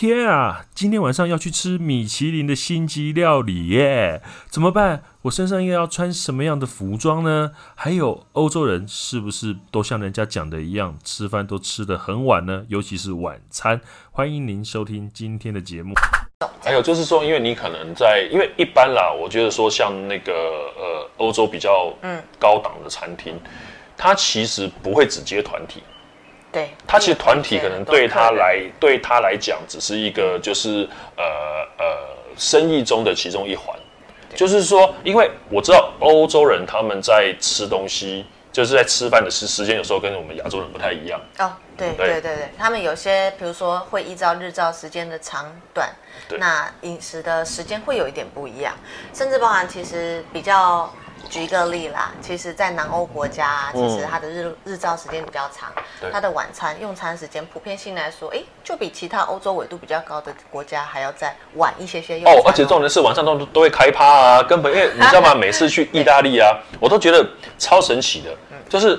天啊！今天晚上要去吃米其林的星級料理耶，怎麼辦？我身上又要穿什麼樣的服裝呢？還有，歐洲人是不是都像人家講的一樣，吃飯都吃得很晚呢？尤其是晚餐。歡迎您收聽今天的節目。還有就是說，因為你可能在，因為一般啦，我覺得說像那個呃，歐洲比較嗯高檔的餐廳，嗯、它其實不會只接團體。對，他其實團體可能對他來對他來講只是一個就是呃呃生意中的其中一環，就是說，因為我知道歐洲人他們在吃東西就是在吃飯的時時間有時候跟我們亞洲人不太一樣哦、嗯，對對對對，他們有些比如說會依照日照時間的長短，那飲食的時間會有一點不一樣，甚至包含其實比較。舉一個例啦，其實，在南歐國家，啊，其實它的日，嗯，日照時間比較長，對它的晚餐用餐時間普遍性來說，哎，就比其他歐洲緯度比較高的國家還要再晚一些些用餐哦。哦，而且這種人是晚上都都會開趴啊，根本因為你知道嗎？啊，每次去意大利啊，我都覺得超神奇的，就是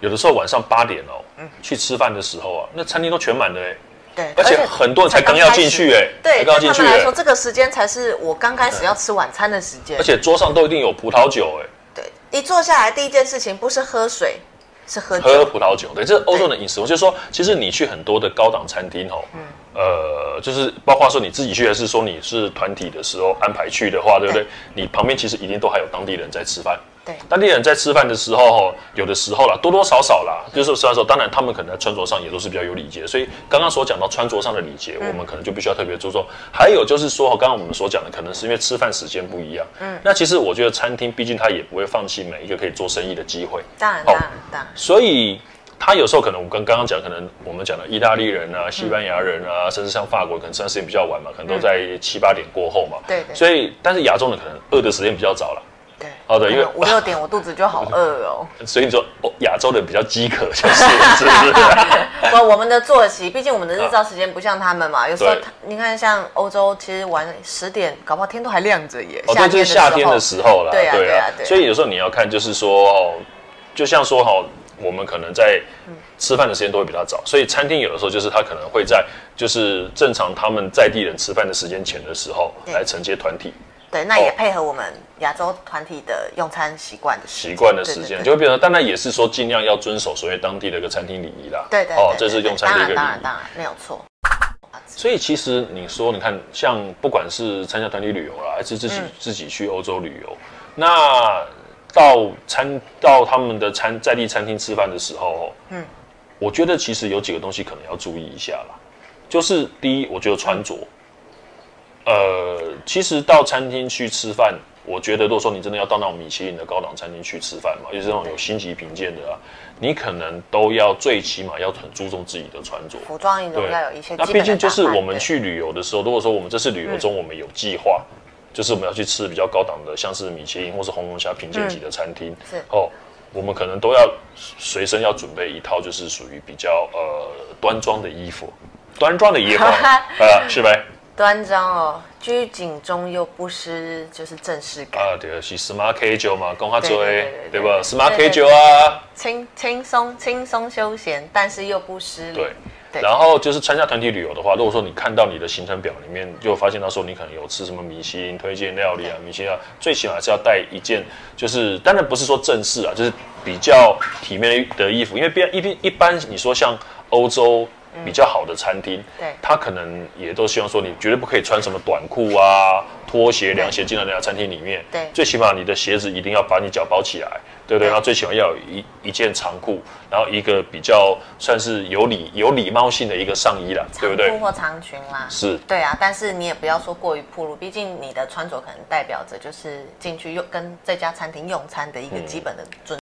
有的時候晚上八點哦，去吃飯的時候啊，那餐廳都全滿的哎對，而且，而且很多人才剛要進去哎、欸，對，才剛要進去欸，他們來說，嗯、這個時間才是我剛開始要吃晚餐的時間。而且桌上都一定有葡萄酒哎、欸嗯，對，一坐下來第一件事情不是喝水，是喝酒喝葡萄酒。對，這是歐洲的飲食。我對就是說，其實你去很多的高檔餐廳哦，嗯，呃，就是包括說你自己去，還是說你是團體的時候安排去的話，對不對？哎、你旁邊其實一定都還有當地人在吃飯。當地人在吃飯的時候，有的時候啦，多多少少啦，就是說，當然他們可能在穿着上也都是比較有禮節，所以剛剛所講到穿着上的禮節，嗯、我們可能就必須要特別注重。還有就是說，剛剛我們所講的，可能是因為吃飯時間不一樣，嗯，嗯，那其實我覺得餐廳畢竟他也不會放棄每一個可以做生意的機會，當然，哦、當然，所以他有時候可能我們跟剛剛講，可能我們講的意大利人啊、西班牙人啊，甚至像法國，可能吃飯時間比較晚嘛，可能都在七八點過後嘛，嗯、對，對，對，所以但是亞洲人可能餓的時間比較早了。對，哦，對，因為五六點我肚子就好餓哦，所以你說哦，亞洲人比較飢渴，就是。是不是？我我們的作息，畢竟我們的日照時間不像他們嘛，有時候你看像歐洲，其實晚十點，搞不好天都還亮着耶。哦，對，就是夏天的時候了。對啊，對啊，對。所以有時候你要看，就是說，就像說哈，我們可能在吃飯的時間都會比較早，所以餐廳有的時候就是他可能會在就是正常他們在地人吃飯的時間前的時候來承接團體。對，那也配合我們亞洲團體的用餐習慣的時間，哦、習慣的時間，對對對就會變成。當然也是說，盡量要遵守所謂當地的一個餐廳禮儀啦。對、對、對、對、對，哦，這是用餐的一個禮儀。當然，當然，當然，沒有錯。所以其實你說，你看，像不管是參加團體旅遊啦，還是自己、嗯、自己去歐洲旅遊，那到餐到他們的餐在地餐廳吃飯的時候，嗯，我覺得其實有幾個東西可能要注意一下啦。就是第一，我覺得穿着，呃。其實到餐廳去吃飯，我覺得如果說你真的要到那種米其林的高檔餐廳去吃飯嘛，哦、就是那種有星級評鑑的啊，你可能都要最起碼要很注重自己的穿着、服裝一定，要有一些。對那畢竟就是我們去旅遊的時候，對如果說我們這次旅遊中我們有計劃，嗯、就是我們要去吃比較高檔的，像是米其林或是紅龍蝦評鑑級的餐廳，嗯、是哦，我們可能都要隨身要準備一套就是屬於比較呃端莊的衣服，端莊的衣服啊，是、 哎、唄？端莊哦。拘謹中又不失就是正式感啊，對，是 Smart Casual 嘛，跟它追，對，對，對，對，對吧對對對？Smart Casual 啊，對對對輕輕鬆輕鬆休閒，但是又不失禮。對，對然後就是參加團體旅遊的話，如果說你看到你的行程表裡面又發現到說你可能有吃什麼米其林推薦料理啊，米其林啊，最起碼還是要帶一件，就是當然不是說正式啊，就是比較體面的衣服，因為邊一一般你說像歐洲。比較好的餐廳，嗯，對他可能也都希望說，你絕對不可以穿什麼短褲啊、拖鞋、涼鞋進到那家餐廳裡面。對，對，最起碼你的鞋子一定要把你腳包起來，對不對？對，然後最起碼要有一一件長褲，然後一個比較算是有禮、有禮貌性的一個上衣啦，長褲 對不對？長褲或長裙啦，是，對啊。但是你也不要說過於暴露，畢竟你的穿着可能代表着就是進去用跟這家餐廳用餐的一個基本的尊重。嗯